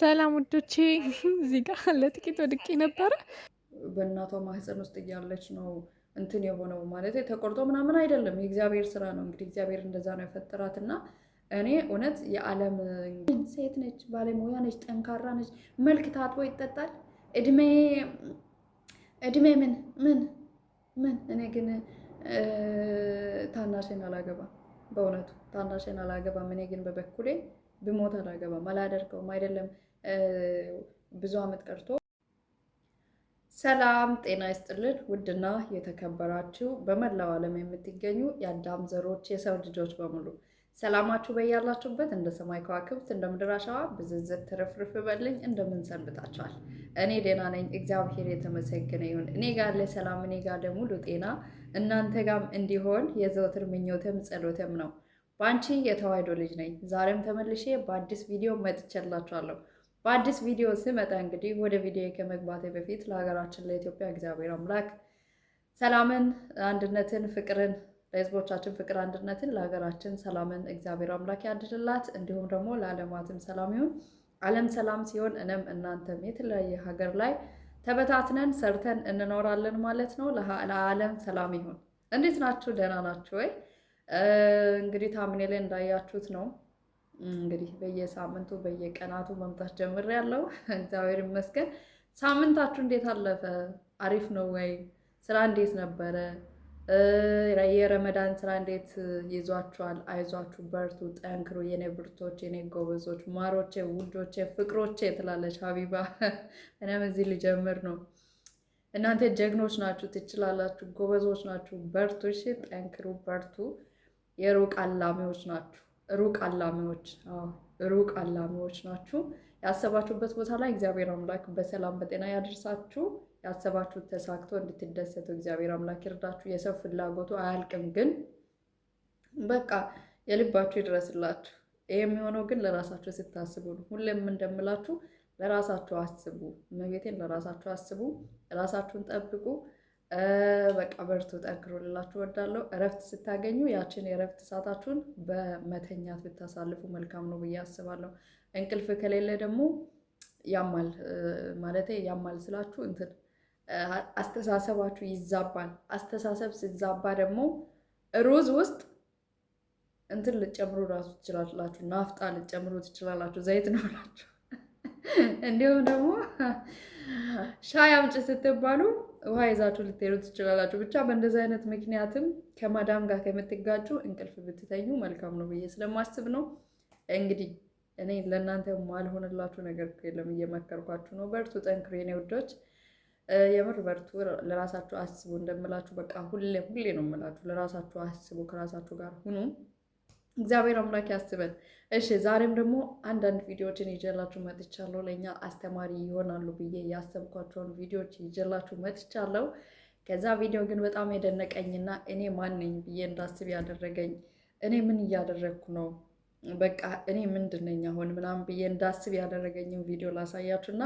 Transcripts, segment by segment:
ሰላም ውዶቼ፣ እዚህ ጋር ለጥቂት ወድቄ ነበረ። በእናቷ ማህፀን ውስጥ እያለች ነው እንትን የሆነው ማለት ተቆርጦ ምናምን አይደለም፣ የእግዚአብሔር ስራ ነው። እንግዲህ እግዚአብሔር እንደዛ ነው የፈጠራት እና እኔ እውነት የዓለም ሴት ነች፣ ባለሙያ ነች፣ ጠንካራ ነች። መልክ ታጥቦ ይጠጣል። እድሜ እድሜ ምን ምን ምን። እኔ ግን ታናሽን አላገባም፣ በእውነቱ ታናሽን አላገባም። እኔ ግን በበኩሌ ብሞት አላገባም አላደርገውም አይደለም ብዙ አመት ቀርቶ ሰላም ጤና ይስጥልን ውድና የተከበራችሁ በመላው ዓለም የምትገኙ የአዳም ዘሮች የሰው ልጆች በሙሉ ሰላማችሁ በያላችሁበት እንደ ሰማይ ከዋክብት እንደ ምድር አሸዋ ብዝዝት ትርፍርፍ በልኝ ሰንብታችኋል እኔ ደህና ነኝ እግዚአብሔር የተመሰገነ ይሁን እኔ ጋር ለሰላም እኔ ጋር ለሙሉ ጤና እናንተ ጋም እንዲሆን የዘወትር ምኞትም ጸሎትም ነው በአንቺ የተዋሕዶ ልጅ ነኝ። ዛሬም ተመልሼ በአዲስ ቪዲዮ መጥቼላችኋለሁ። በአዲስ ቪዲዮ ስመጣ እንግዲህ ወደ ቪዲዮ ከመግባቴ በፊት ለሀገራችን ለኢትዮጵያ እግዚአብሔር አምላክ ሰላምን፣ አንድነትን፣ ፍቅርን ለህዝቦቻችን ፍቅር አንድነትን ለሀገራችን ሰላምን እግዚአብሔር አምላክ ያድልላት። እንዲሁም ደግሞ ለዓለማትም ሰላም ይሁን። ዓለም ሰላም ሲሆን እኔም እናንተም የተለያየ ሀገር ላይ ተበታትነን ሰርተን እንኖራለን ማለት ነው። ለዓለም ሰላም ይሁን። እንዴት ናችሁ? ደህና ናችሁ ወይ? እንግዲህ ታምኔ ላይ እንዳያችሁት ነው። እንግዲህ በየሳምንቱ በየቀናቱ መምጣት ጀምር ያለው እግዚአብሔር ይመስገን። ሳምንታችሁ እንዴት አለፈ? አሪፍ ነው ወይ? ስራ እንዴት ነበረ? የረመዳን ስራ እንዴት ይዟችኋል? አይዟችሁ፣ በርቱ፣ ጠንክሩ፣ የኔ ብርቶች፣ የኔ ጎበዞች፣ ማሮቼ፣ ውዶቼ፣ ፍቅሮቼ ትላለች ሀቢባ። እኔም እዚህ ልጀምር ነው። እናንተ ጀግኖች ናችሁ፣ ትችላላችሁ፣ ጎበዞች ናችሁ። በርቱ፣ ጠንክሩ፣ በርቱ። የሩቅ አላሚዎች ናችሁ። ሩቅ አላሚዎች ሩቅ አላሚዎች ናችሁ። ያሰባችሁበት ቦታ ላይ እግዚአብሔር አምላክ በሰላም በጤና ያደርሳችሁ። ያሰባችሁ ተሳክቶ እንድትደሰቱ እግዚአብሔር አምላክ ይርዳችሁ። የሰው ፍላጎቱ አያልቅም፣ ግን በቃ የልባችሁ ይድረስላችሁ። ይህ የሚሆነው ግን ለራሳችሁ ስታስቡ ነው። ሁሌም እንደምላችሁ ለራሳችሁ አስቡ። እመቤቴን ለራሳችሁ አስቡ። ራሳችሁን ጠብቁ። በቃ በርቱ፣ ጠንክሮልላችሁ ወዳለሁ። እረፍት ስታገኙ ያችን የእረፍት ሰዓታችሁን በመተኛት ብታሳልፉ መልካም ነው ብዬ አስባለሁ። እንቅልፍ ከሌለ ደግሞ ያማል ማለት ያማል ስላችሁ እንትን አስተሳሰባችሁ ይዛባል። አስተሳሰብ ሲዛባ ደግሞ ሩዝ ውስጥ እንትን ልጨምሩ ራሱ ትችላላችሁ፣ ናፍጣ ልጨምሩ ትችላላችሁ፣ ዘይት ነው እንዲሁም ደግሞ ሻይ አምጪ ስትባሉ ውሃ ይዛችሁ ልትሄዱ ትችላላችሁ። ብቻ በእንደዚህ አይነት ምክንያትም ከማዳም ጋር ከምትጋጩ እንቅልፍ ብትተኙ መልካም ነው ብዬ ስለማስብ ነው። እንግዲህ እኔ ለእናንተ ማልሆንላችሁ ነገር የለም፣ እየመከርኳችሁ ነው። በርቱ፣ ጠንክሩ የኔ ውዶች፣ የምር በርቱ። ለራሳችሁ አስቡ እንደምላችሁ፣ በቃ ሁሌ ሁሌ ነው የምላችሁ። ለራሳችሁ አስቡ፣ ከራሳችሁ ጋር ሁኑ። እግዚአብሔር አምላክ ያስበን። እሺ ዛሬም ደግሞ አንዳንድ ቪዲዮዎችን ይዤላችሁ መጥቻለሁ። ለእኛ አስተማሪ ይሆናሉ ብዬ ያሰብኳቸውን ቪዲዮዎች ይዤላችሁ መጥቻለሁ። ከዛ ቪዲዮ ግን በጣም የደነቀኝና እኔ ማነኝ ብዬ እንዳስብ ያደረገኝ እኔ ምን እያደረግኩ ነው፣ በቃ እኔ ምንድን ነኝ አሁን ምናምን ብዬ እንዳስብ ያደረገኝን ቪዲዮ ላሳያችሁና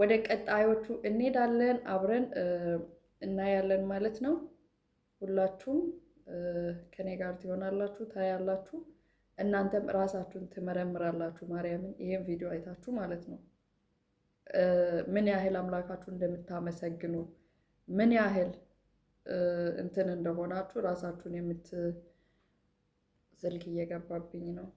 ወደ ቀጣዮቹ እንሄዳለን። አብረን እናያለን ማለት ነው ሁላችሁም ከኔ ጋር ትሆናላችሁ፣ ታያላችሁ። እናንተም ራሳችሁን ትመረምራላችሁ። ማርያምን ይህም ቪዲዮ አይታችሁ ማለት ነው ምን ያህል አምላካችሁ እንደምታመሰግኑ ምን ያህል እንትን እንደሆናችሁ ራሳችሁን የምት ስልክ እየገባብኝ ነው።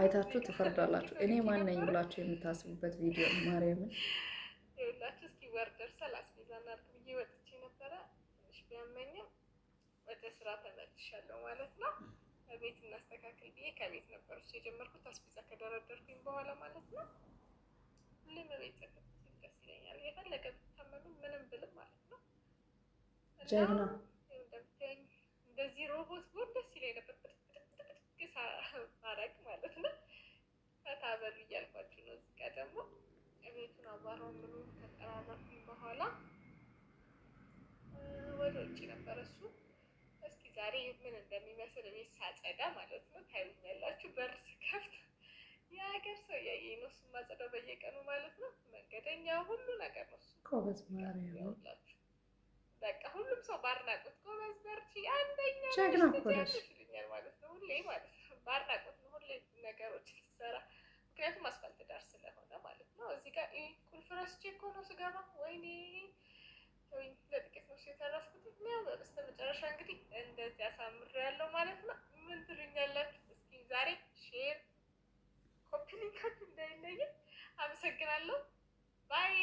አይታችሁ ትፈርዳላችሁ። እኔ ማነኝ ብላችሁ የምታስቡበት ቪዲዮ ማርያምን ልንገራችሁ እስኪ ወር ደርሷል አስቤዛ እናድርግ ብዬ ወጥቼ ነበረ። ትንሽ ቢያመኝም ወደ ስራ ተመልሻለሁ ማለት ነው። ከቤት እናስተካክል ብዬ ከቤት ነበር እሱ የጀመርኩት አስቤዛ ከደረደርኩኝ በኋላ ማለት ነው። ሁሌም ቤት ተከፍት ደስ ይለኛል። የፈለገ ብታመኑ ምንም ብልም ማለት ነው። ጀግና እንደዚህ ሮቦት ደስ ይለኝ ነበር። ማድረግ ማለት ነው። ፈታ በሉ ነው። እዚህ ጋ ደግሞ ቤቱን አቧራውን ምኑን በኋላ ወደ ውጭ ነበር እሱ። እስኪ ዛሬ ምን እንደሚመስል እኔ ሳጸዳ ማለት ነው ታዩኛላችሁ። በር ስከፍት የሀገር ሰው እያየኝ ነው። እሱም ማጸዳው በየቀኑ ማለት ነው። መንገደኛ ሁሉ ነገር ነው እሱ። በቃ ሁሉም ሰው ባድናቆት ጎበዝ፣ በርቺ፣ አንደኛ ይሉኛል ማለት ነው። ሁሌ ማለት ነው ባድናቆት ነው ሁሌ ነገሮች ሲሰራ ምክንያቱም አስፋልት ዳር እዚህ ጋር ቁልፍ ረስቼ እኮ ነው ስገባ። ወይኔ ለጥቂት ነው የተረፍኩት። በስተ መጨረሻ እንግዲህ እንደዚህ አሳምር ያለው ማለት ነው። ምን ትሉኛላችሁ? እስኪ ዛሬ ሼር ኮፒ ሊንክ እንዳይለየን። አመሰግናለሁ። ባይ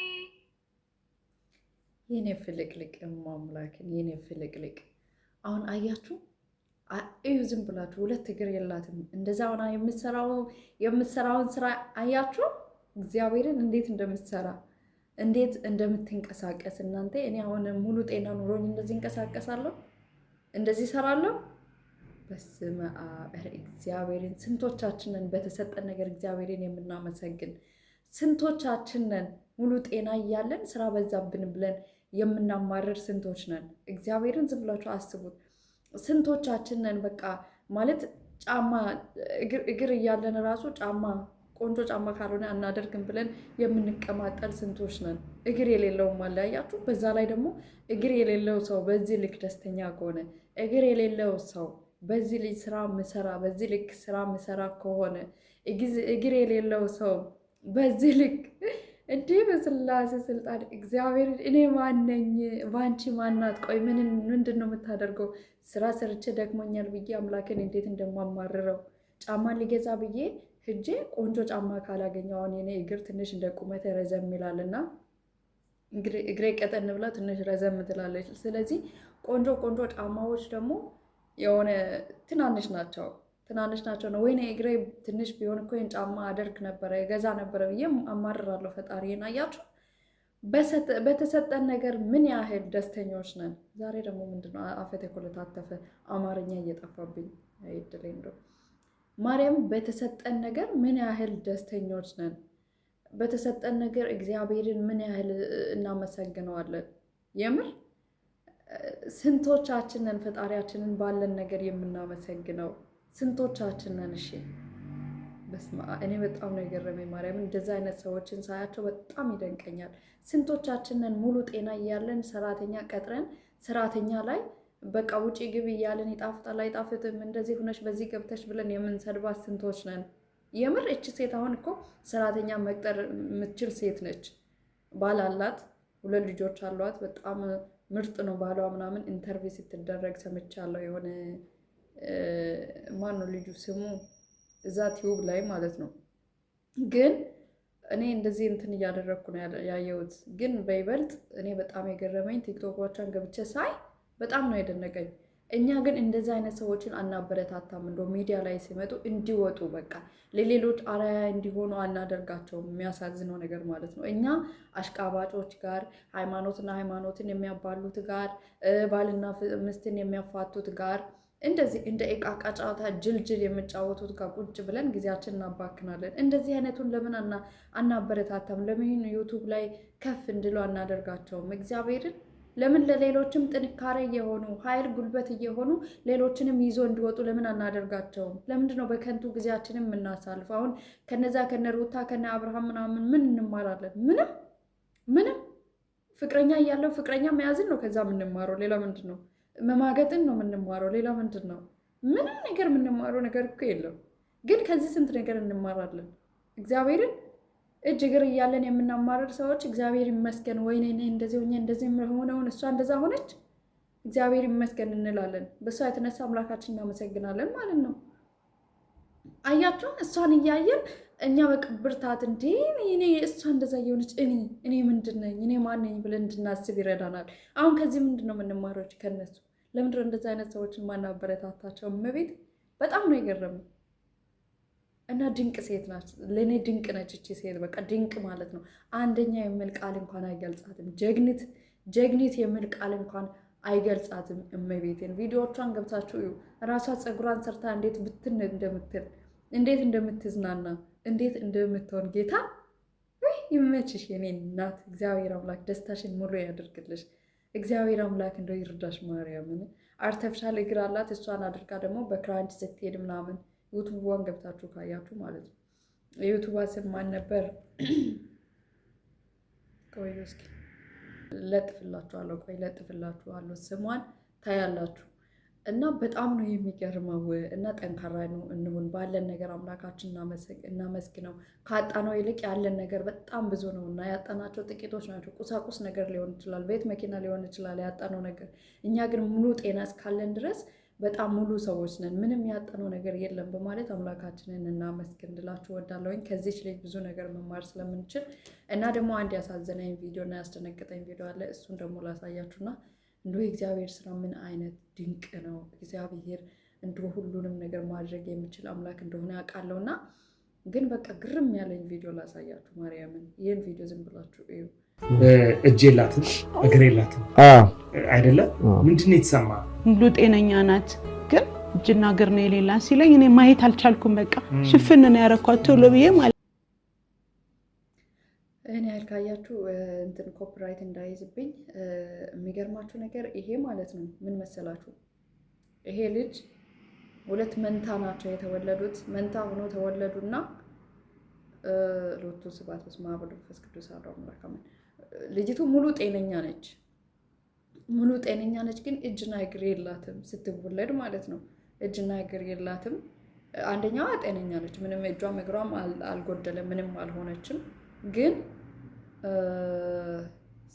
የኔ ፍልቅልቅ ማምላክን የኔ ፍልቅልቅ አሁን አያችሁ እዩ ዝም ብላችሁ ሁለት እግር የላትም እንደዛ ሆና የምትሰራውን ስራ አያችሁ እግዚአብሔርን እንዴት እንደምትሰራ እንዴት እንደምትንቀሳቀስ እናንተ። እኔ አሁን ሙሉ ጤና ኑሮኝ እንደዚህ እንቀሳቀሳለሁ፣ እንደዚህ እሰራለሁ። በስመ አብ እግዚአብሔርን ስንቶቻችንን በተሰጠን ነገር እግዚአብሔርን የምናመሰግን ስንቶቻችንን ሙሉ ጤና እያለን ስራ በዛብን ብለን የምናማርር ስንቶች ነን? እግዚአብሔርን ዝም ብላችሁ አስቡት። ስንቶቻችንን በቃ ማለት ጫማ እግር እያለን ራሱ ጫማ ቆንጆ ጫማ ካልሆነ አናደርግም ብለን የምንቀማጠል ስንቶች ነን። እግር የሌለውም አለ በዛ ላይ ደግሞ እግር የሌለው ሰው በዚህ ልክ ደስተኛ ከሆነ እግር የሌለው ሰው በዚህ ልጅ ስራ ምሰራ በዚህ ልክ ስራ ምሰራ ከሆነ እግር የሌለው ሰው በዚህ ልክ እንዲህ በስላሴ ስልጣን እግዚአብሔር እኔ ማነኝ? ባንቺ ማናት? ቆይ ምንድን ነው የምታደርገው? ስራ ሰርቼ ደክሞኛል ብዬ አምላክን እንዴት እንደማማርረው ጫማ ሊገዛ ብዬ ህጄ ቆንጆ ጫማ ካላገኘው አሁን የኔ እግር ትንሽ እንደ ቁመት ረዘም ይላል እና እግሬ ቀጠን ብላ ትንሽ ረዘም ትላለች። ስለዚህ ቆንጆ ቆንጆ ጫማዎች ደግሞ የሆነ ትናንሽ ናቸው ትናንሽ ናቸው ነው ወይኔ እግሬ ትንሽ ቢሆን እኮ ጫማ አደርግ ነበረ ገዛ ነበረ ብዬ አማርራለሁ ፈጣሪን። አያችሁ በተሰጠን ነገር ምን ያህል ደስተኞች ነን። ዛሬ ደግሞ ምንድነው አፌ ተኮለታተፈ፣ አማርኛ እየጠፋብኝ አይድለኝ ማርያም በተሰጠን ነገር ምን ያህል ደስተኞች ነን? በተሰጠን ነገር እግዚአብሔርን ምን ያህል እናመሰግነዋለን? የምር ስንቶቻችንን ፈጣሪያችንን ባለን ነገር የምናመሰግነው ስንቶቻችንን? እሺ እኔ በጣም ነው የገረመኝ ማርያም። እንደዚህ አይነት ሰዎችን ሳያቸው በጣም ይደንቀኛል። ስንቶቻችንን ሙሉ ጤና እያለን ሰራተኛ ቀጥረን ሰራተኛ ላይ በቃ ውጪ ግብ እያለን ይጣፍጣል አይጣፍጥም፣ እንደዚህ ሆነሽ በዚህ ገብተሽ ብለን የምንሰድባት ስንቶች ነን? የምር እች ሴት አሁን እኮ ሰራተኛ መቅጠር የምትችል ሴት ነች። ባል አላት፣ ሁለት ልጆች አሏት። በጣም ምርጥ ነው ባሏ ምናምን ኢንተርቪው ስትደረግ ሰምቻለሁ። የሆነ ማነው ልጁ ስሙ እዛ ቲዩብ ላይ ማለት ነው። ግን እኔ እንደዚህ እንትን እያደረግኩ ነው ያየሁት። ግን በይበልጥ እኔ በጣም የገረመኝ ቲክቶኮቿን ገብቼ ሳይ በጣም ነው የደነቀኝ እኛ ግን እንደዚህ አይነት ሰዎችን አናበረታታም። እንደ ሚዲያ ላይ ሲመጡ እንዲወጡ በቃ ለሌሎች አርአያ እንዲሆኑ አናደርጋቸውም። የሚያሳዝነው ነገር ማለት ነው። እኛ አሽቃባጮች ጋር፣ ሃይማኖትና ሃይማኖትን የሚያባሉት ጋር፣ ባልና ምስትን የሚያፋቱት ጋር እንደዚህ እንደ ዕቃ ዕቃ ጨዋታ ጅልጅል የምጫወቱት ጋር ቁጭ ብለን ጊዜያችን እናባክናለን። እንደዚህ አይነቱን ለምን አናበረታታም? ለምን ዩቱብ ላይ ከፍ እንድሉ አናደርጋቸውም? እግዚአብሔርን ለምን ለሌሎችም ጥንካሬ እየሆኑ ኃይል ጉልበት እየሆኑ ሌሎችንም ይዞ እንዲወጡ ለምን አናደርጋቸውም? ለምንድን ነው በከንቱ ጊዜያችንም የምናሳልፍ? አሁን ከነዛ ከነ ሩታ ከነ አብርሃም ምናምን ምን እንማራለን? ምንም ምንም። ፍቅረኛ እያለው ፍቅረኛ መያዝን ነው ከዛ የምንማረው። ሌላ ምንድን ነው? መማገጥን ነው የምንማረው። ሌላ ምንድን ነው? ምንም ነገር የምንማረው ነገር እኮ የለም። ግን ከዚህ ስንት ነገር እንማራለን እግዚአብሔርን እጅ እግር እያለን የምናማረር ሰዎች እግዚአብሔር ይመስገን ወይኔ እኔ እንደዚህ ሆኜ እንደዚህ ሆነውን እሷ እንደዛ ሆነች እግዚአብሔር ይመስገን እንላለን። በእሷ የተነሳ አምላካችን እናመሰግናለን ማለት ነው። አያችሁ፣ እሷን እያየን እኛ በቅብርታት ብርታት እንዴ እኔ እሷ እንደዛ የሆነች እኔ እኔ ምንድን ነኝ እኔ ማን ነኝ ብለን እንድናስብ ይረዳናል። አሁን ከዚህ ምንድን ነው የምንማረች ከነሱ? ለምንድን ነው እንደዚ አይነት ሰዎችን ማናበረታታቸው? እመቤት በጣም ነው የገረመኝ። እና ድንቅ ሴት ናት። ለእኔ ድንቅ ነች እቺ ሴት በቃ ድንቅ ማለት ነው። አንደኛ የሚል ቃል እንኳን አይገልጻትም። ጀግኒት ጀግኒት የሚል ቃል እንኳን አይገልጻትም። እመቤቴን ቪዲዮቿን ገብታችሁ እዩ። ራሷ ፀጉሯን ሰርታ እንዴት ብትን እንደምትል እንዴት እንደምትዝናና እንዴት እንደምትሆን ጌታ ይመችሽ የኔ እናት። እግዚአብሔር አምላክ ደስታሽን ሙሉ ያደርግልሽ። እግዚአብሔር አምላክ እንደው ይርዳሽ። ማርያምን አርተፍሻል እግር አላት። እሷን አድርጋ ደግሞ በክራንች ስትሄድ ምናምን ዩቱቧን ገብታችሁ ካያችሁ ማለት ነው። የዩቱቧ ስም ማን ነበር? ቆይ እስኪ ለጥፍላችኋለሁ። ቆይ ለጥፍላችኋለሁ። ስሟን ታያላችሁ። እና በጣም ነው የሚገርመው። እና ጠንካራ እንሁን፣ ባለን ነገር አምላካችን እናመስግነው። ካጣነው ይልቅ ያለን ነገር በጣም ብዙ ነው እና ያጣናቸው ጥቂቶች ናቸው። ቁሳቁስ ነገር ሊሆን ይችላል፣ ቤት መኪና ሊሆን ይችላል ያጣነው ነገር። እኛ ግን ሙሉ ጤና እስካለን ድረስ በጣም ሙሉ ሰዎች ነን፣ ምንም ያጠነው ነገር የለም በማለት አምላካችንን እናመስግን ልላችሁ ወዳለሁኝ። ከዚች ልጅ ብዙ ነገር መማር ስለምንችል እና ደግሞ አንድ ያሳዘነኝ ቪዲዮ እና ያስደነገጠኝ ቪዲዮ አለ። እሱን ደግሞ ላሳያችሁና እንዲሁ የእግዚአብሔር ስራ ምን አይነት ድንቅ ነው። እግዚአብሔር እንዲ ሁሉንም ነገር ማድረግ የሚችል አምላክ እንደሆነ ያውቃለውና ግን በቃ ግርም ያለኝ ቪዲዮ ላሳያችሁ። ማርያምን ይህን ቪዲዮ ዝም ብላችሁ እዩ። እጅ የላትም እግር የላትም አይደለም። ምንድን የተሰማ ሙሉ ጤነኛ ናት፣ ግን እጅና እግር ነው የሌላ ሲለኝ እኔ ማየት አልቻልኩም። በቃ ሽፍን ነው ያረኳት ቶሎ ብዬ ማለት እኔ ያልካያችሁ እንትን ኮፒራይት እንዳይዝብኝ። የሚገርማችሁ ነገር ይሄ ማለት ነው ምን መሰላችሁ፣ ይሄ ልጅ ሁለት መንታ ናቸው የተወለዱት። መንታ ሆኖ ተወለዱና ሎቱ ስብሐት በስመ አብ ወወልድ ወመንፈስ ቅዱስ አሐዱ አምላክ አሜን። ልጅቱ ሙሉ ጤነኛ ነች፣ ሙሉ ጤነኛ ነች። ግን እጅና እግር የላትም ስትወለድ ማለት ነው። እጅና እግር የላትም። አንደኛዋ ጤነኛ ነች፣ ምንም እጇም እግሯም አልጎደለም፣ ምንም አልሆነችም። ግን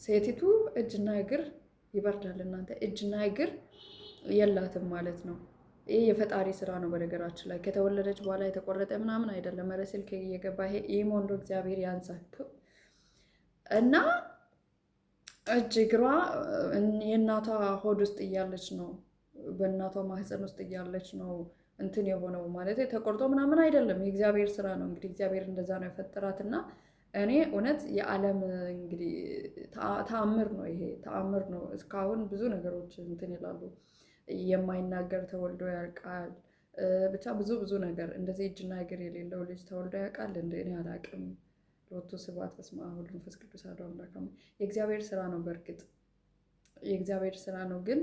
ሴቲቱ እጅና እግር ይበርዳል። እናንተ እጅና እግር የላትም ማለት ነው። ይህ የፈጣሪ ስራ ነው። በነገራችን ላይ ከተወለደች በኋላ የተቆረጠ ምናምን አይደለም። ስልክ እየገባ ይሄ ይህ እግዚአብሔር ያንሳቸው። እና እጅ እግሯ የእናቷ ሆድ ውስጥ እያለች ነው በእናቷ ማህፀን ውስጥ እያለች ነው እንትን የሆነው ማለት ተቆርጦ ምናምን አይደለም። የእግዚአብሔር ስራ ነው እንግዲህ እግዚአብሔር እንደዛ ነው የፈጠራት እና እኔ እውነት የዓለም እንግዲህ ተአምር ነው ይሄ ተአምር ነው። እስካሁን ብዙ ነገሮች እንትን ይላሉ። የማይናገር ተወልዶ ያውቃል። ብቻ ብዙ ብዙ ነገር እንደዚህ እጅና እግር የሌለው ልጅ ተወልዶ ያውቃል። እንደ እኔ አላውቅም። ሎቱ ስብሐት በስመ አብ ወወልድ ወመንፈስ ቅዱስ አሐዱ አምላክ አሜን። የእግዚአብሔር ስራ ነው። በእርግጥ የእግዚአብሔር ስራ ነው፣ ግን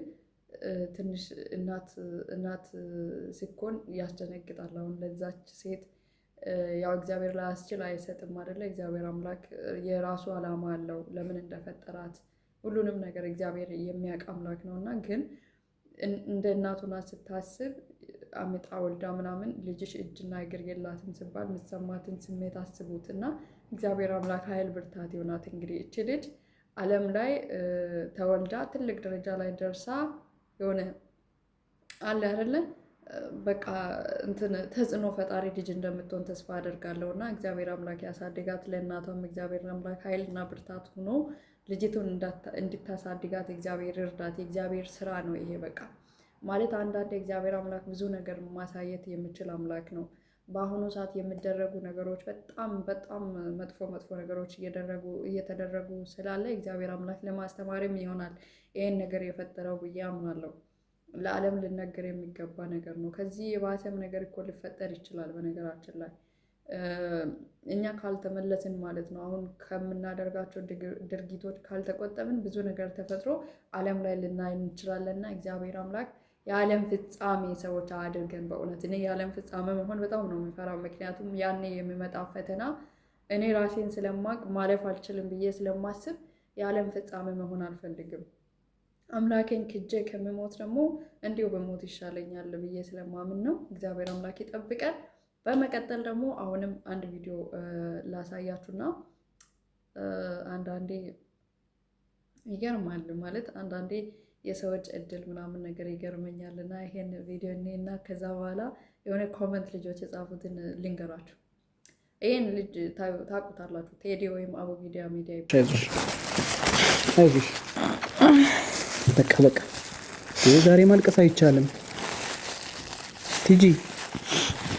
ትንሽ እናት እናት ሲኮን ያስደነግጣል። አሁን ለዛች ሴት ያው እግዚአብሔር ላያስችል አይሰጥም አይደለ? እግዚአብሔር አምላክ የራሱ ዓላማ አለው ለምን እንደፈጠራት ሁሉንም ነገር እግዚአብሔር የሚያውቅ አምላክ ነው እና ግን እንደ እናቱና ስታስብ አምጣ ወልዳ ምናምን ልጅሽ እጅና እግር የላትም ስባል የምትሰማትን ስሜት አስቡት እና እግዚአብሔር አምላክ ኃይል ብርታት የሆናት እንግዲህ እች ልጅ ዓለም ላይ ተወልዳ ትልቅ ደረጃ ላይ ደርሳ የሆነ አለ አይደለ በቃ እንትን ተጽዕኖ ፈጣሪ ልጅ እንደምትሆን ተስፋ አደርጋለሁ እና እግዚአብሔር አምላክ ያሳድጋት። ለእናቷም እግዚአብሔር አምላክ ኃይልና ብርታት ሆኖ ልጅቱን እንድታሳድጋት እግዚአብሔር እርዳት። የእግዚአብሔር ስራ ነው ይሄ በቃ ማለት አንዳንድ የእግዚአብሔር አምላክ ብዙ ነገር ማሳየት የሚችል አምላክ ነው። በአሁኑ ሰዓት የሚደረጉ ነገሮች በጣም በጣም መጥፎ መጥፎ ነገሮች እየተደረጉ ስላለ እግዚአብሔር አምላክ ለማስተማሪም ይሆናል ይህን ነገር የፈጠረው ብዬ አምናለሁ። ለዓለም ልነገር የሚገባ ነገር ነው። ከዚህ የባሰም ነገር እኮ ሊፈጠር ይችላል። በነገራችን ላይ እኛ ካልተመለስን ማለት ነው፣ አሁን ከምናደርጋቸው ድርጊቶች ካልተቆጠብን ብዙ ነገር ተፈጥሮ ዓለም ላይ ልናይ እንችላለንና እግዚአብሔር አምላክ የዓለም ፍጻሜ ሰዎች አድርገን በእውነት እኔ የዓለም ፍጻሜ መሆን በጣም ነው የሚፈራው። ምክንያቱም ያኔ የሚመጣ ፈተና እኔ ራሴን ስለማቅ ማለፍ አልችልም ብዬ ስለማስብ የዓለም ፍጻሜ መሆን አልፈልግም። አምላኬን ክጄ ከምሞት ደግሞ እንዲሁ በሞት ይሻለኛል ብዬ ስለማምን ነው። እግዚአብሔር አምላክ ይጠብቀን። በመቀጠል ደግሞ አሁንም አንድ ቪዲዮ ላሳያችሁና አንዳንዴ ይገርማል ማለት አንዳንዴ የሰዎች እድል ምናምን ነገር ይገርመኛል። እና ይሄን ቪዲዮ እኔ እና ከዛ በኋላ የሆነ ኮመንት ልጆች የጻፉትን ልንገራችሁ። ይህን ልጅ ታውቁታላችሁ፣ ቴዲ ወይም አቡ ሚዲያ ሚዲያ በቃ በቃ ዛሬ ማልቀስ አይቻልም። ቲጂ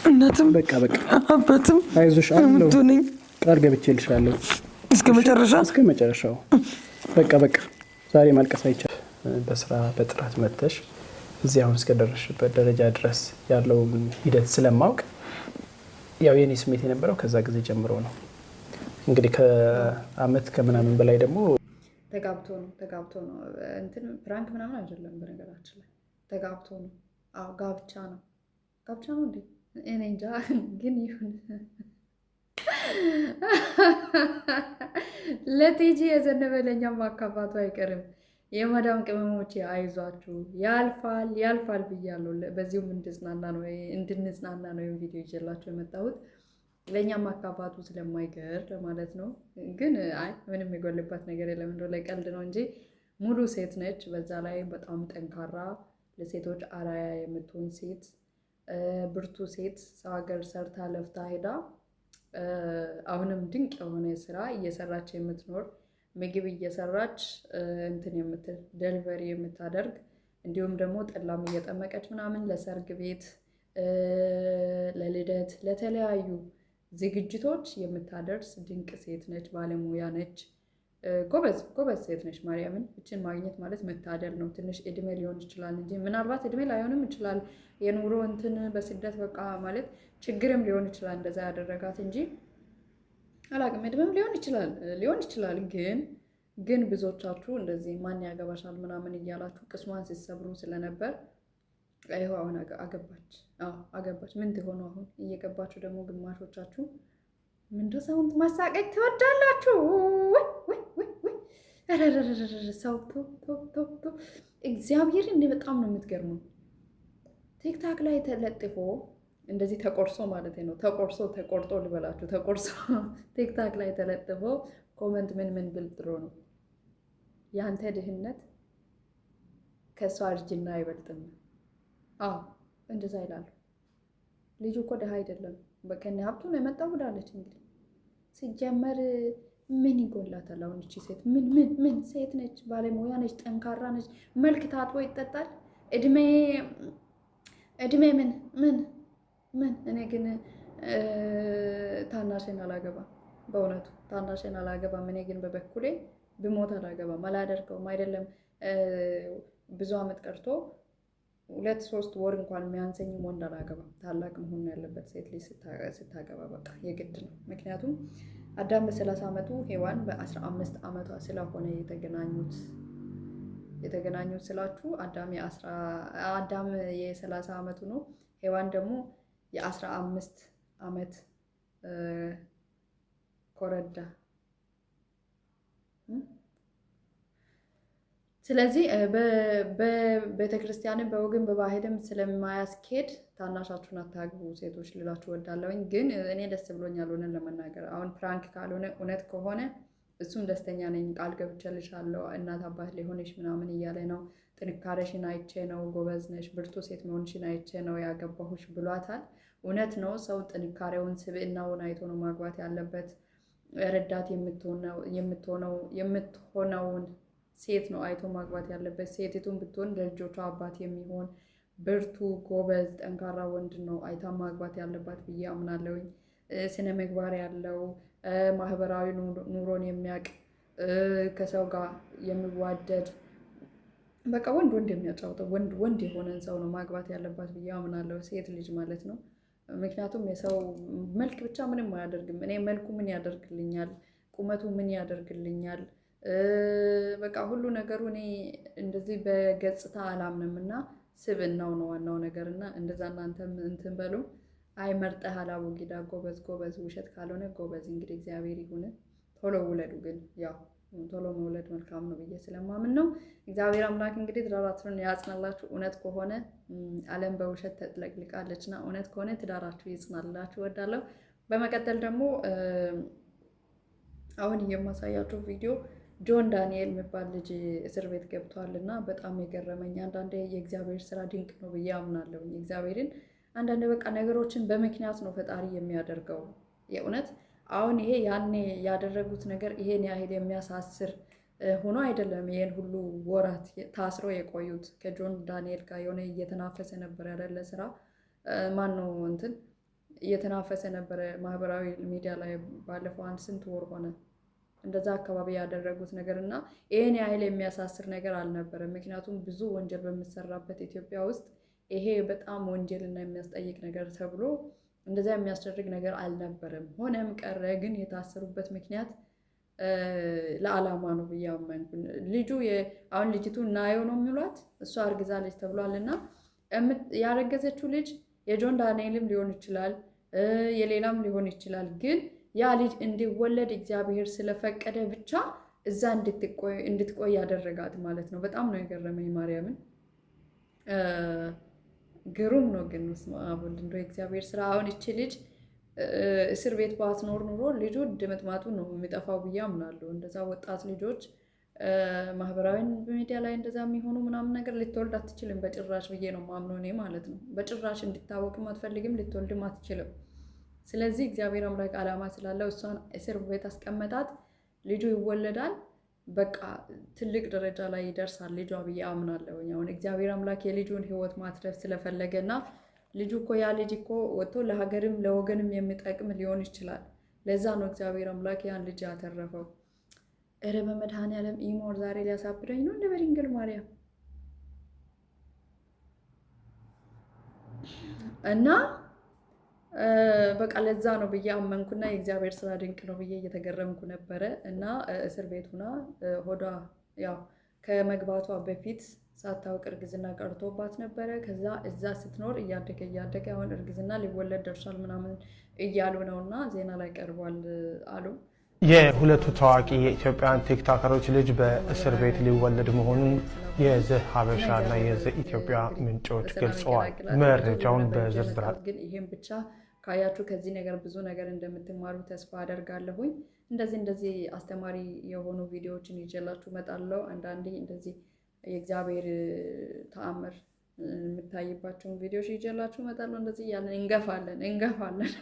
እናትም በቃ በቃ አባትም አይዞሽ አለው ቃል ገብቼልሻለሁ እስከ መጨረሻ እስከ መጨረሻው። በቃ በቃ ዛሬ ማልቀስ አይቻልም። በስራ በጥራት መተሽ እዚህ አሁን እስከደረሽበት ደረጃ ድረስ ያለውን ሂደት ስለማውቅ ያው የኔ ስሜት የነበረው ከዛ ጊዜ ጀምሮ ነው። እንግዲህ ከአመት ከምናምን በላይ ደግሞ ተጋብቶ ነው ተጋብቶ ነው እንትን ፕራንክ ምናምን አይደለም። በነገራችን ላይ ተጋብቶ ነው። አዎ ጋብቻ ነው ጋብቻ ነው እንዴ? እኔ እንጃ ግን ይሁን ለቴጂ የዘነበለኛ አካባቱ አይቀርም። የማዳም ቅመሞች አይዟችሁ፣ ያልፋል ያልፋል ብያለሁ። በዚሁም እንድጽናና ነው እንድንጽናና ነው ይህን ቪዲዮ ይዤላችሁ የመጣሁት። ለእኛ አካባቱ ስለማይገር ማለት ነው። ግን አይ ምንም የጎልባት ነገር የለም፣ እንደው ላይ ቀልድ ነው እንጂ ሙሉ ሴት ነች። በዛ ላይ በጣም ጠንካራ ለሴቶች አራያ የምትሆን ሴት፣ ብርቱ ሴት፣ ሰው ሀገር ሰርታ ለፍታ ሄዳ አሁንም ድንቅ የሆነ ስራ እየሰራች የምትኖር ምግብ እየሰራች እንትን የምትል ደሊቨሪ የምታደርግ እንዲሁም ደግሞ ጠላም እየጠመቀች ምናምን ለሰርግ ቤት፣ ለልደት፣ ለተለያዩ ዝግጅቶች የምታደርስ ድንቅ ሴት ነች። ባለሙያ ነች። ጎበዝ ጎበዝ ሴት ነች። ማርያምን እችን ማግኘት ማለት መታደል ነው። ትንሽ እድሜ ሊሆን ይችላል እንጂ ምናልባት እድሜ ላይሆንም ይችላል የኑሮ እንትን በስደት በቃ ማለት ችግርም ሊሆን ይችላል እንደዛ ያደረጋት እንጂ አላቅም እድሜም ሊሆን ይችላል ሊሆን ይችላል። ግን ግን ብዙዎቻችሁ እንደዚህ ማን ያገባሻል ምናምን እያላችሁ ቅስሟን ሲሰብሩ ስለነበር ይኸው አሁን አገባች። አዎ አገባች። ምን ትሆኑ አሁን እየገባችሁ ደግሞ ግማሾቻችሁ ምንድን ሰውን ማሳቀቅ ትወዳላችሁ። ሰው እግዚአብሔርን እኔ በጣም ነው የምትገርመው ቲክታክ ላይ ተለጥፎ እንደዚህ ተቆርሶ ማለት ነው። ተቆርሶ ተቆርጦ ልበላችሁ። ተቆርሶ ቲክታክ ላይ ተለጥፎ ኮመንት ምን ምን ብል ጥሩ ነው፣ የአንተ ድህነት ከእሷ እርጅና አይበልጥም። አዎ እንደዛ ይላሉ። ልጁ እኮ ድሃ አይደለም፣ በከኒ ሀብቱ ነው የመጣው ብላለች። እንግዲህ ሲጀመር ምን ይጎላታል? አሁን እቺ ሴት ምን ምን ምን ሴት ነች፣ ባለሙያ ነች፣ ጠንካራ ነች። መልክ ታጥቦ ይጠጣል። እድሜ እድሜ ምን ምን ምን እኔ ግን ታናሽን አላገባም። በእውነቱ ታናሽን አላገባም። እኔ ግን በበኩሌ ብሞት አላገባም፣ አላደርገውም። አይደለም ብዙ አመት ቀርቶ ሁለት ሶስት ወር እንኳን የሚያንሰኝም ወንድ አላገባም። ታላቅ መሆን ያለበት ሴት ልጅ ስታገባ በቃ የግድ ነው። ምክንያቱም አዳም በሰላሳ አመቱ ሔዋን በአስራ አምስት አመቷ ስለሆነ የተገናኙት የተገናኙት ስላችሁ አዳም የሰላሳ አመቱ ነው ሔዋን ደግሞ የአስራ አምስት አመት ኮረዳ። ስለዚህ በቤተክርስቲያንም በወግን በባህልም ስለማያስኬድ ታናሻችሁን አታግቡ ሴቶች ልላችሁ ወዳለውኝ። ግን እኔ ደስ ብሎኛል ሆነን ለመናገር አሁን ፕራንክ ካልሆነ እውነት ከሆነ እሱም ደስተኛ ነኝ። ቃል ገብቼልሻለሁ እናት አባት ሊሆንሽ ምናምን እያለ ነው። ጥንካሬሽን አይቼ ነው፣ ጎበዝ ነሽ፣ ብርቱ ሴት መሆንሽን አይቼ ነው ያገባሁሽ ብሏታል። እውነት ነው። ሰው ጥንካሬውን ስብዕናውን አይቶ ነው ማግባት ያለበት። ረዳት የምትሆነውን ሴት ነው አይቶ ማግባት ያለበት። ሴቲቱን ብትሆን ለልጆቿ አባት የሚሆን ብርቱ፣ ጎበዝ፣ ጠንካራ ወንድ ነው አይታ ማግባት ያለባት ብዬ አምናለሁኝ። ስነ ምግባር ያለው ማህበራዊ ኑሮን የሚያውቅ ከሰው ጋር የሚዋደድ በቃ ወንድ ወንድ የሚያጫውተው ወንድ ወንድ የሆነን ሰው ነው ማግባት ያለባት ብዬ አምናለሁ። ሴት ልጅ ማለት ነው። ምክንያቱም የሰው መልክ ብቻ ምንም አያደርግም። እኔ መልኩ ምን ያደርግልኛል፣ ቁመቱ ምን ያደርግልኛል፣ በቃ ሁሉ ነገሩ እኔ እንደዚህ በገጽታ አላምንም እና ስብዕናው ነው ዋናው ነገር እና እንደዛ እናንተም እንትን በሉ። አይ መርጠህ አላቦጊዳ ጎበዝ ጎበዝ፣ ውሸት ካልሆነ ጎበዝ። እንግዲህ እግዚአብሔር ይሁን ቶሎ ውለዱ ግን ያው ቶሎ መውለድ መልካም ነው ብዬ ስለማምን ነው። እግዚአብሔር አምላክ እንግዲህ ትዳራችሁን ያጽናላችሁ። እውነት ከሆነ ዓለም በውሸት ተጥለቅልቃለች እና እውነት ከሆነ ትዳራችሁ ይጽናላችሁ እወዳለሁ። በመቀጠል ደግሞ አሁን የማሳያችሁ ቪዲዮ ጆን ዳንኤል የሚባል ልጅ እስር ቤት ገብቷል እና በጣም የገረመኝ አንዳንዴ የእግዚአብሔር ስራ ድንቅ ነው ብዬ አምናለሁ። እግዚአብሔርን አንዳንዴ በቃ ነገሮችን በምክንያት ነው ፈጣሪ የሚያደርገው የእውነት አሁን ይሄ ያኔ ያደረጉት ነገር ይሄን ያህል የሚያሳስር ሆኖ አይደለም። ይሄን ሁሉ ወራት ታስሮ የቆዩት ከጆን ዳንኤል ጋር የሆነ እየተናፈሰ ነበር ያደለ ስራ ማን ነው እንትን እየተናፈሰ ነበረ ማህበራዊ ሚዲያ ላይ ባለፈው አንድ ስንት ወር ሆነ እንደዛ አካባቢ ያደረጉት ነገር እና ይህን ያህል የሚያሳስር ነገር አልነበረም። ምክንያቱም ብዙ ወንጀል በሚሰራበት ኢትዮጵያ ውስጥ ይሄ በጣም ወንጀልና የሚያስጠይቅ ነገር ተብሎ እንደዚያ የሚያስደርግ ነገር አልነበረም። ሆነም ቀረ ግን የታሰሩበት ምክንያት ለዓላማ ነው ብዬ ልጁ አሁን ልጅቱ እናየው ነው የሚሏት እሷ አርግዛለች ተብሏል እና ያረገዘችው ልጅ የጆን ዳንኤልም ሊሆን ይችላል፣ የሌላም ሊሆን ይችላል። ግን ያ ልጅ እንዲወለድ እግዚአብሔር ስለፈቀደ ብቻ እዛ እንድትቆይ ያደረጋት ማለት ነው። በጣም ነው የገረመኝ ማርያምን ግሩም ነው ግን ስማ እንደ እግዚአብሔር ስራ። አሁን እቺ ልጅ እስር ቤት ባትኖር ኑሮ ልጁ ድምጥማጡ ነው የሚጠፋው ብዬ አምናለሁ። እንደዛ ወጣት ልጆች ማህበራዊ ሚዲያ ላይ እንደዛ የሚሆኑ ምናምን ነገር ልትወልድ አትችልም በጭራሽ ብዬ ነው ማምኖ እኔ ማለት ነው። በጭራሽ እንዲታወቅም አትፈልግም፣ ልትወልድም አትችልም። ስለዚህ እግዚአብሔር አምላክ ዓላማ ስላለው እሷን እስር ቤት አስቀመጣት። ልጁ ይወለዳል። በቃ ትልቅ ደረጃ ላይ ይደርሳል ልጇ ብዬ አምናለሁ። አሁን እግዚአብሔር አምላክ የልጁን ህይወት ማትረፍ ስለፈለገ እና ልጁ እኮ ያ ልጅ እኮ ወጥቶ ለሀገርም ለወገንም የሚጠቅም ሊሆን ይችላል። ለዛ ነው እግዚአብሔር አምላክ ያን ልጅ ያተረፈው። እረ በመድኃኔዓለም ኢሞር ዛሬ ሊያሳብደኝ ነው እንደ በድንግል ማርያም እና በቃ ለዛ ነው ብዬ አመንኩና የእግዚአብሔር ስራ ድንቅ ነው ብዬ እየተገረምኩ ነበረ። እና እስር ቤት ሁና ሆዷ ያው ከመግባቷ በፊት ሳታውቅ እርግዝና ቀርቶባት ነበረ። ከዛ እዛ ስትኖር እያደገ እያደገ አሁን እርግዝና ሊወለድ ደርሷል ምናምን እያሉ ነው እና ዜና ላይ ቀርቧል አሉ። የሁለቱ ታዋቂ የኢትዮጵያን ቲክቶከሮች ልጅ በእስር ቤት ሊወለድ መሆኑን የዘ ሀበሻ እና የዚህ ኢትዮጵያ ምንጮች ገልጸዋል። መረጃውን በዝርዝር ግን ብቻ ካያችሁ ከዚህ ነገር ብዙ ነገር እንደምትማሩ ተስፋ አደርጋለሁኝ። እንደዚህ እንደዚህ አስተማሪ የሆኑ ቪዲዮዎችን ይዤላችሁ እመጣለሁ። አንዳንዴ እንደዚህ የእግዚአብሔር ተአምር የምታይባቸውን ቪዲዮዎች ይዤላችሁ እመጣለሁ። እንደዚህ እያለን እንገፋለን እንገፋለን።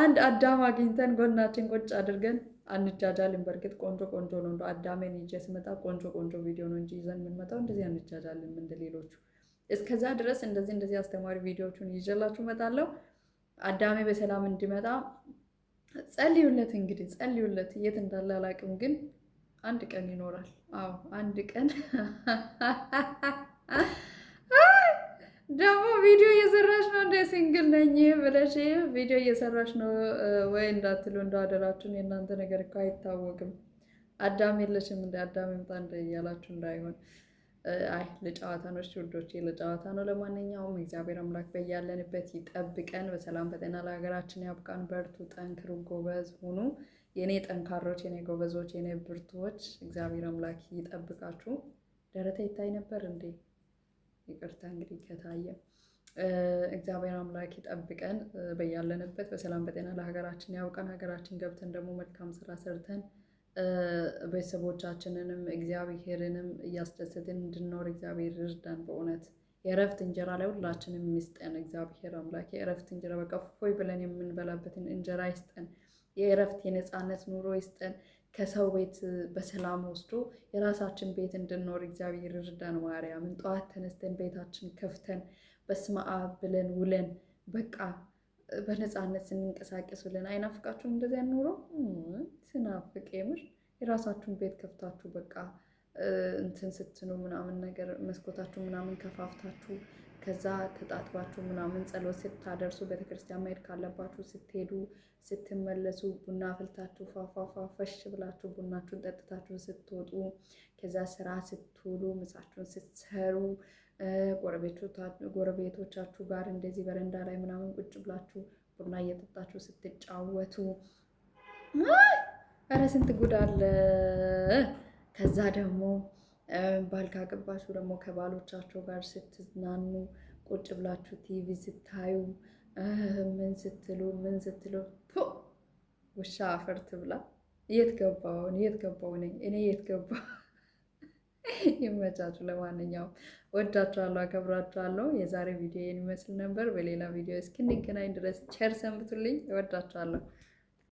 አንድ አዳም አግኝተን ጎናችን ቁጭ አድርገን አንጃጃልን። በእርግጥ ቆንጆ ቆንጆ ነው። እንደ አዳሜን ይዤ ስመጣ ቆንጆ ቆንጆ ቪዲዮ ነው እንጂ ይዘን የምንመጣው እንደዚህ አንጃጃልን እንደ ሌሎቹ እስከዛ ድረስ እንደዚህ እንደዚህ አስተማሪ ቪዲዮዎቹን ይዤላችሁ እመጣለሁ። አዳሜ በሰላም እንዲመጣ ጸልዩለት። እንግዲህ ጸልዩለት፣ የት እንዳለ አላውቅም፣ ግን አንድ ቀን ይኖራል። አዎ አንድ ቀን ደግሞ ቪዲዮ እየሰራሽ ነው እንደ ሲንግል ነኝ ብለሽ ቪዲዮ እየሰራሽ ነው ወይ እንዳትሉ እንዳደራችሁን የእናንተ ነገር እኮ አይታወቅም። አዳሜ የለሽም እንደ አዳሜ ምጣ እንደ እያላችሁ እንዳይሆን አይ ለጨዋታ ነው ውዶቼ፣ ለጨዋታ ነው። ለማንኛውም እግዚአብሔር አምላክ በያለንበት ይጠብቀን፣ በሰላም በጤና ለሀገራችን ያብቃን። በርቱ፣ ጠንክሩ፣ ጎበዝ ሁኑ። የእኔ ጠንካሮች፣ የኔ ጎበዞች፣ የኔ ብርቱዎች እግዚአብሔር አምላክ ይጠብቃችሁ። ደረተ ይታይ ነበር እንዴ? ይቅርታ እንግዲህ ከታየ እግዚአብሔር አምላክ ይጠብቀን። በያለንበት በሰላም በጤና ለሀገራችን ያብቃን። ሀገራችን ገብተን ደግሞ መልካም ስራ ሰርተን ቤተሰቦቻችንንም እግዚአብሔርንም እያስደሰትን እንድንኖር እግዚአብሔር እርዳን። በእውነት የእረፍት እንጀራ ላይ ሁላችንም ይስጠን እግዚአብሔር አምላክ። የእረፍት እንጀራ በቃ ፎይ ብለን የምንበላበትን እንጀራ ይስጠን። የእረፍት የነፃነት ኑሮ ይስጠን። ከሰው ቤት በሰላም ወስዶ የራሳችን ቤት እንድንኖር እግዚአብሔር እርዳን። ማርያምን ጠዋት ተነስተን ቤታችን ከፍተን በስመ አብ ብለን ውለን በቃ በነፃነት ስንንቀሳቀስ ብለን አይናፍቃችሁም? እንደዚያ ኑሮ ስናፍቅ የምር የራሳችሁን ቤት ከፍታችሁ በቃ እንትን ስትኑ ምናምን ነገር መስኮታችሁ ምናምን ከፋፍታችሁ ከዛ ተጣጥባችሁ ምናምን ጸሎት ስታደርሱ ቤተክርስቲያን መሄድ ካለባችሁ ስትሄዱ ስትመለሱ ቡና አፍልታችሁ ፏፏፏፈሽ ብላችሁ ቡናችሁን ጠጥታችሁ ስትወጡ ከዛ ስራ ስትውሉ ምሳችሁን ስትሰሩ ጎረቤቶቻችሁ ጋር እንደዚህ በረንዳ ላይ ምናምን ቁጭ ብላችሁ ቡና እየጠጣችሁ ስትጫወቱ፣ ኧረ ስንት ጉድ አለ። ከዛ ደግሞ ባል ካገባችሁ ደግሞ ከባሎቻቸው ጋር ስትዝናኑ ቁጭ ብላችሁ ቲቪ ስታዩ ምን ስትሉ ምን ስትሉ ውሻ አፈር ትብላ። የት ገባውን የት ገባው ነኝ እኔ የት ይመቻችሁ። ለማንኛውም ወዳችኋለሁ፣ አከብራችኋለሁ። የዛሬ ቪዲዮ ይመስል ነበር። በሌላ ቪዲዮ እስክንገናኝ ድረስ ቸር ሰንብቱልኝ። እወዳችኋለሁ።